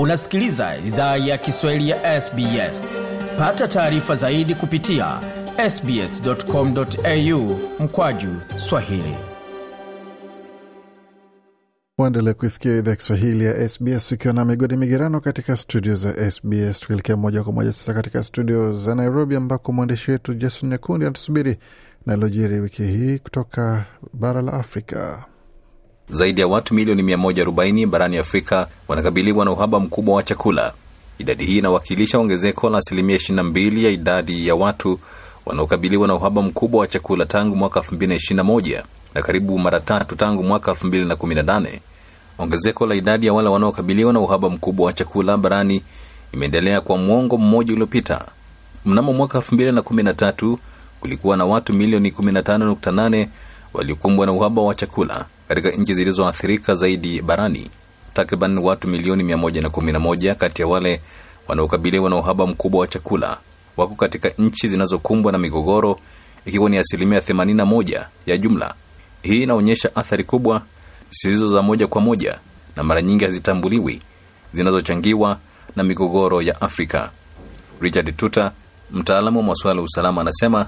unasikiliza idhaa ya kiswahili ya sbs pata taarifa zaidi kupitia sbscomau mkwaju swahili uendelea kuisikia idhaa kiswahili ya sbs ukiwa na migodi migerano katika studio za sbs tukielekea moja kwa moja sasa katika studio za nairobi ambako mwandishi wetu jason nyakundi anatusubiri nalojiri wiki hii kutoka bara la afrika zaidi ya watu milioni 140 barani Afrika wanakabiliwa na uhaba mkubwa wa chakula. Idadi hii inawakilisha ongezeko la asilimia 22 ya idadi ya watu wanaokabiliwa na uhaba mkubwa wa chakula tangu mwaka 2021 na karibu mara tatu tangu mwaka 2018. Ongezeko la idadi ya wale wanaokabiliwa na uhaba mkubwa wa chakula barani imeendelea kwa mwongo mmoja uliopita. Mnamo mwaka 2013 kulikuwa na watu milioni 15.8 waliokumbwa na uhaba wa chakula katika nchi zilizoathirika zaidi barani. Takriban watu milioni 111 kati ya wale wanaokabiliwa na uhaba mkubwa wa chakula wako katika nchi zinazokumbwa na migogoro, ikiwa ni asilimia 81 ya jumla. Hii inaonyesha athari kubwa zisizo za moja kwa moja na mara nyingi hazitambuliwi zinazochangiwa na migogoro ya Afrika. Richard Tuta, mtaalamu wa masuala ya usalama, anasema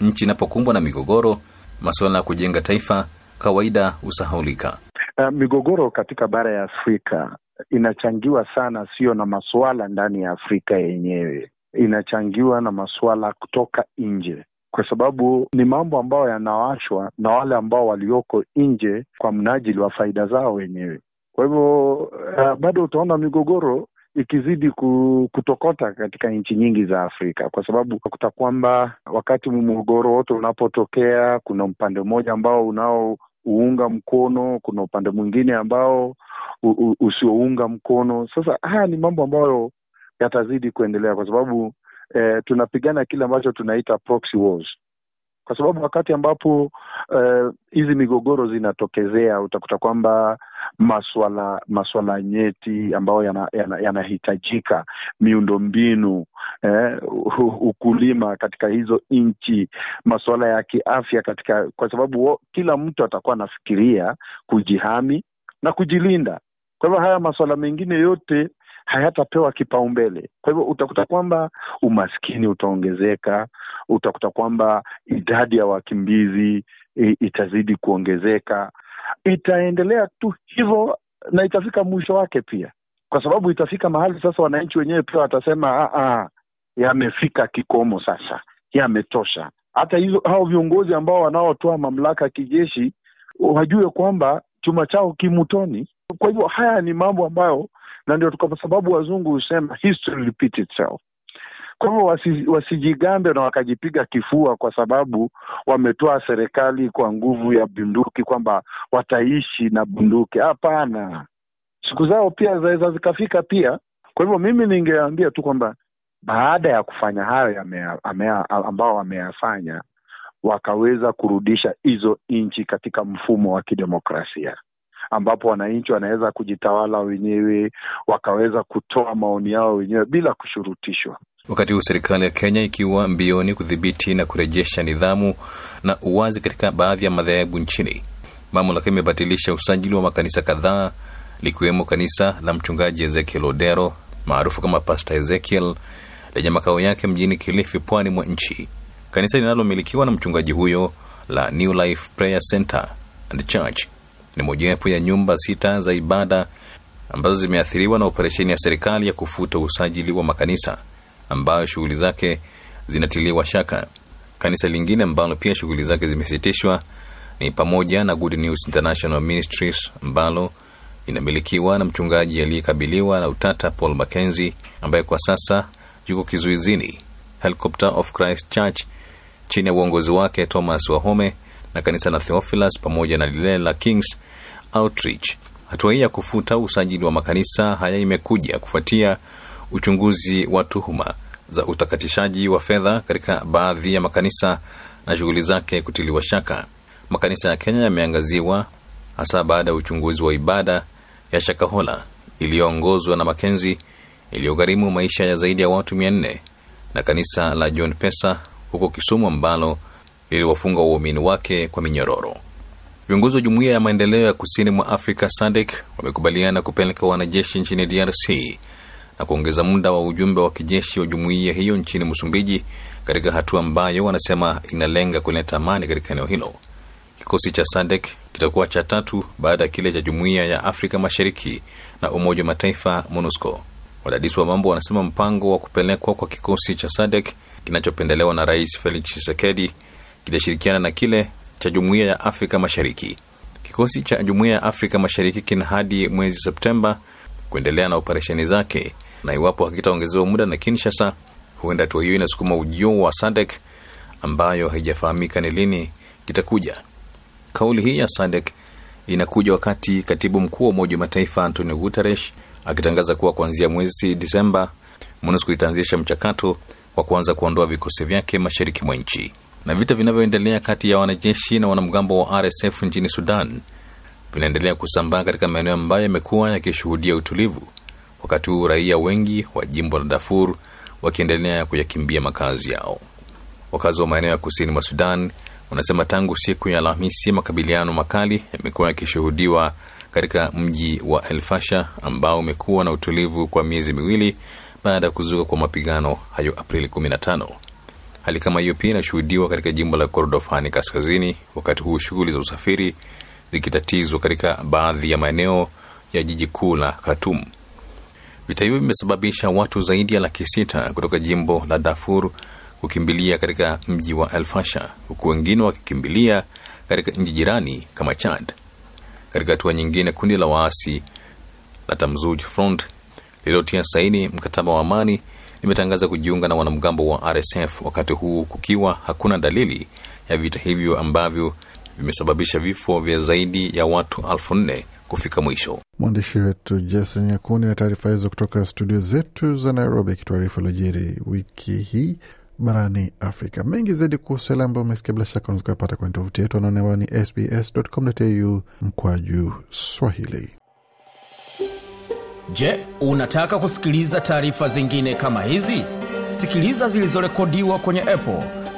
nchi inapokumbwa na migogoro, masuala ya kujenga taifa kawaida husahaulika. Uh, migogoro katika bara ya Afrika inachangiwa sana, sio na masuala ndani ya Afrika yenyewe, inachangiwa na masuala kutoka nje kwa sababu ni mambo ambayo yanawashwa na wale ambao walioko nje kwa mnajili wa faida zao wenyewe. Kwa hivyo uh, bado utaona migogoro ikizidi kutokota katika nchi nyingi za Afrika, kwa sababu kuta kwamba wakati mgogoro wote unapotokea, kuna upande mmoja ambao unao huunga mkono, kuna upande mwingine ambao usiounga mkono. Sasa haya ni mambo ambayo yatazidi kuendelea kwa sababu eh, tunapigana kile ambacho tunaita proxy wars kwa sababu wakati ambapo eh, hizi uh, migogoro zinatokezea utakuta kwamba maswala maswala nyeti ambayo yanahitajika, yana, yana mbinu eh, ukulima katika hizo nchi, maswala ya kiafya katika, kwa sababu kila mtu atakuwa anafikiria kujihami na kujilinda. Kwa hivyo haya maswala mengine yote hayatapewa kipaumbele. Kwa hivyo utakuta kwamba umaskini utaongezeka, utakuta kwamba idadi ya wakimbizi itazidi kuongezeka. Itaendelea tu hivyo na itafika mwisho wake pia, kwa sababu itafika mahali sasa wananchi wenyewe pia watasema ah, ah, yamefika kikomo sasa, yametosha. Hata hizo hao viongozi ambao wanaotoa mamlaka ya kijeshi wajue kwamba chuma chao kimutoni. Kwa hivyo haya ni mambo ambayo, na ndio kwa sababu wazungu husema history itself. Kwa hivyo wasi, wasijigambe na wakajipiga kifua kwa sababu wametoa serikali kwa nguvu ya bunduki, kwamba wataishi na bunduki. Hapana, siku zao pia zaweza zikafika pia. Kwa hivyo mimi ningeambia tu kwamba baada ya kufanya hayo ambao wameyafanya, wakaweza kurudisha hizo nchi katika mfumo wa kidemokrasia ambapo wananchi wanaweza kujitawala wenyewe, wakaweza kutoa maoni yao wenyewe bila kushurutishwa. Wakati huu serikali ya Kenya ikiwa mbioni kudhibiti na kurejesha nidhamu na uwazi katika baadhi ya madhehebu nchini, mamlaka imebatilisha usajili wa makanisa kadhaa likiwemo kanisa la mchungaji Ezekiel Odero maarufu kama Pasta Ezekiel lenye makao yake mjini Kilifi, pwani mwa nchi. Kanisa linalomilikiwa na mchungaji huyo la New Life Prayer Center and Church ni mojawapo ya nyumba sita za ibada ambazo zimeathiriwa na operesheni ya serikali ya kufuta usajili wa makanisa ambayo shughuli zake zinatiliwa shaka. Kanisa lingine ambalo pia shughuli zake zimesitishwa ni pamoja na Good News International Ministries ambalo inamilikiwa na mchungaji aliyekabiliwa na utata Paul Mackenzie ambaye kwa sasa yuko kizuizini. Helicopter of Christ Church chini ya uongozi wake Thomas Wahome na kanisa la Theophilus pamoja na lile la Kings Outreach. Hatua hii ya kufuta usajili wa makanisa haya imekuja kufuatia uchunguzi wa tuhuma za utakatishaji wa fedha katika baadhi ya makanisa na shughuli zake kutiliwa shaka. Makanisa ya Kenya yameangaziwa hasa baada ya uchunguzi wa ibada ya Shakahola iliyoongozwa na Makenzi iliyogharimu maisha ya zaidi ya watu mia nne na kanisa la John Pesa huko Kisumu ambalo liliwafunga waumini wake kwa minyororo. Viongozi wa Jumuiya ya Maendeleo ya Kusini mwa Afrika SADC wamekubaliana kupeleka wanajeshi nchini DRC na kuongeza muda wa ujumbe wa kijeshi wa jumuiya hiyo nchini Msumbiji, katika hatua ambayo wanasema inalenga kuleta amani katika eneo hilo. Kikosi cha SADC kitakuwa cha tatu baada ya kile cha jumuiya ya Afrika Mashariki na Umoja wa Mataifa, MONUSCO. Wadadisi wa mambo wanasema mpango wa kupelekwa kwa kikosi cha SADC kinachopendelewa na Rais Felix Tshisekedi kitashirikiana na kile cha jumuiya ya Afrika Mashariki. Kikosi cha jumuiya ya Afrika Mashariki kina hadi mwezi Septemba kuendelea na operesheni zake, na iwapo hakitaongezewa muda na Kinshasa, huenda hatua hiyo inasukuma ujio wa SADC ambayo haijafahamika ni lini kitakuja. Kauli hii ya SADC inakuja wakati katibu mkuu wa Umoja wa Mataifa Antonio Guterres akitangaza kuwa kuanzia mwezi Disemba MONUSCO itaanzisha mchakato wa kuanza kuondoa vikosi vyake mashariki mwa nchi. Na vita vinavyoendelea kati ya wanajeshi na wanamgambo wa RSF nchini Sudan vinaendelea kusambaa katika maeneo ambayo yamekuwa yakishuhudia utulivu, wakati huu raia wengi wa jimbo la dafur wakiendelea kuyakimbia makazi yao. Wakazi wa maeneo ya kusini mwa Sudan wanasema tangu siku ya Alhamisi makabiliano makali yamekuwa yakishuhudiwa katika mji wa elfasha ambao umekuwa na utulivu kwa miezi miwili baada ya kuzuka kwa mapigano hayo Aprili 15. Hali kama hiyo pia inashuhudiwa katika jimbo la Kordofani kaskazini, wakati huu shughuli za usafiri likitatizwa katika baadhi ya maeneo ya jiji kuu la Khartoum. Vita hivyo vimesababisha watu zaidi ya laki sita kutoka jimbo la Darfur kukimbilia katika mji wa El Fasher, huku wengine wakikimbilia katika nchi jirani kama Chad. Katika hatua nyingine, kundi la waasi la Tamzuj Front lililotia saini mkataba wa amani limetangaza kujiunga na wanamgambo wa RSF, wakati huu kukiwa hakuna dalili ya vita hivyo ambavyo vimesababisha vifo vya zaidi ya watu elfu nne kufika mwisho. Mwandishi wetu Jason Nyakuni na taarifa hizo kutoka studio zetu za Nairobi, akituarifu lojiri wiki hii barani Afrika. Mengi zaidi kuhusu yale ambayo umesikia, bila shaka unaweza kuyapata kwenye tovuti yetu anaonewa ni sbs.com.au mkwaju Swahili. Je, unataka kusikiliza taarifa zingine kama hizi? Sikiliza zilizorekodiwa kwenye Apple,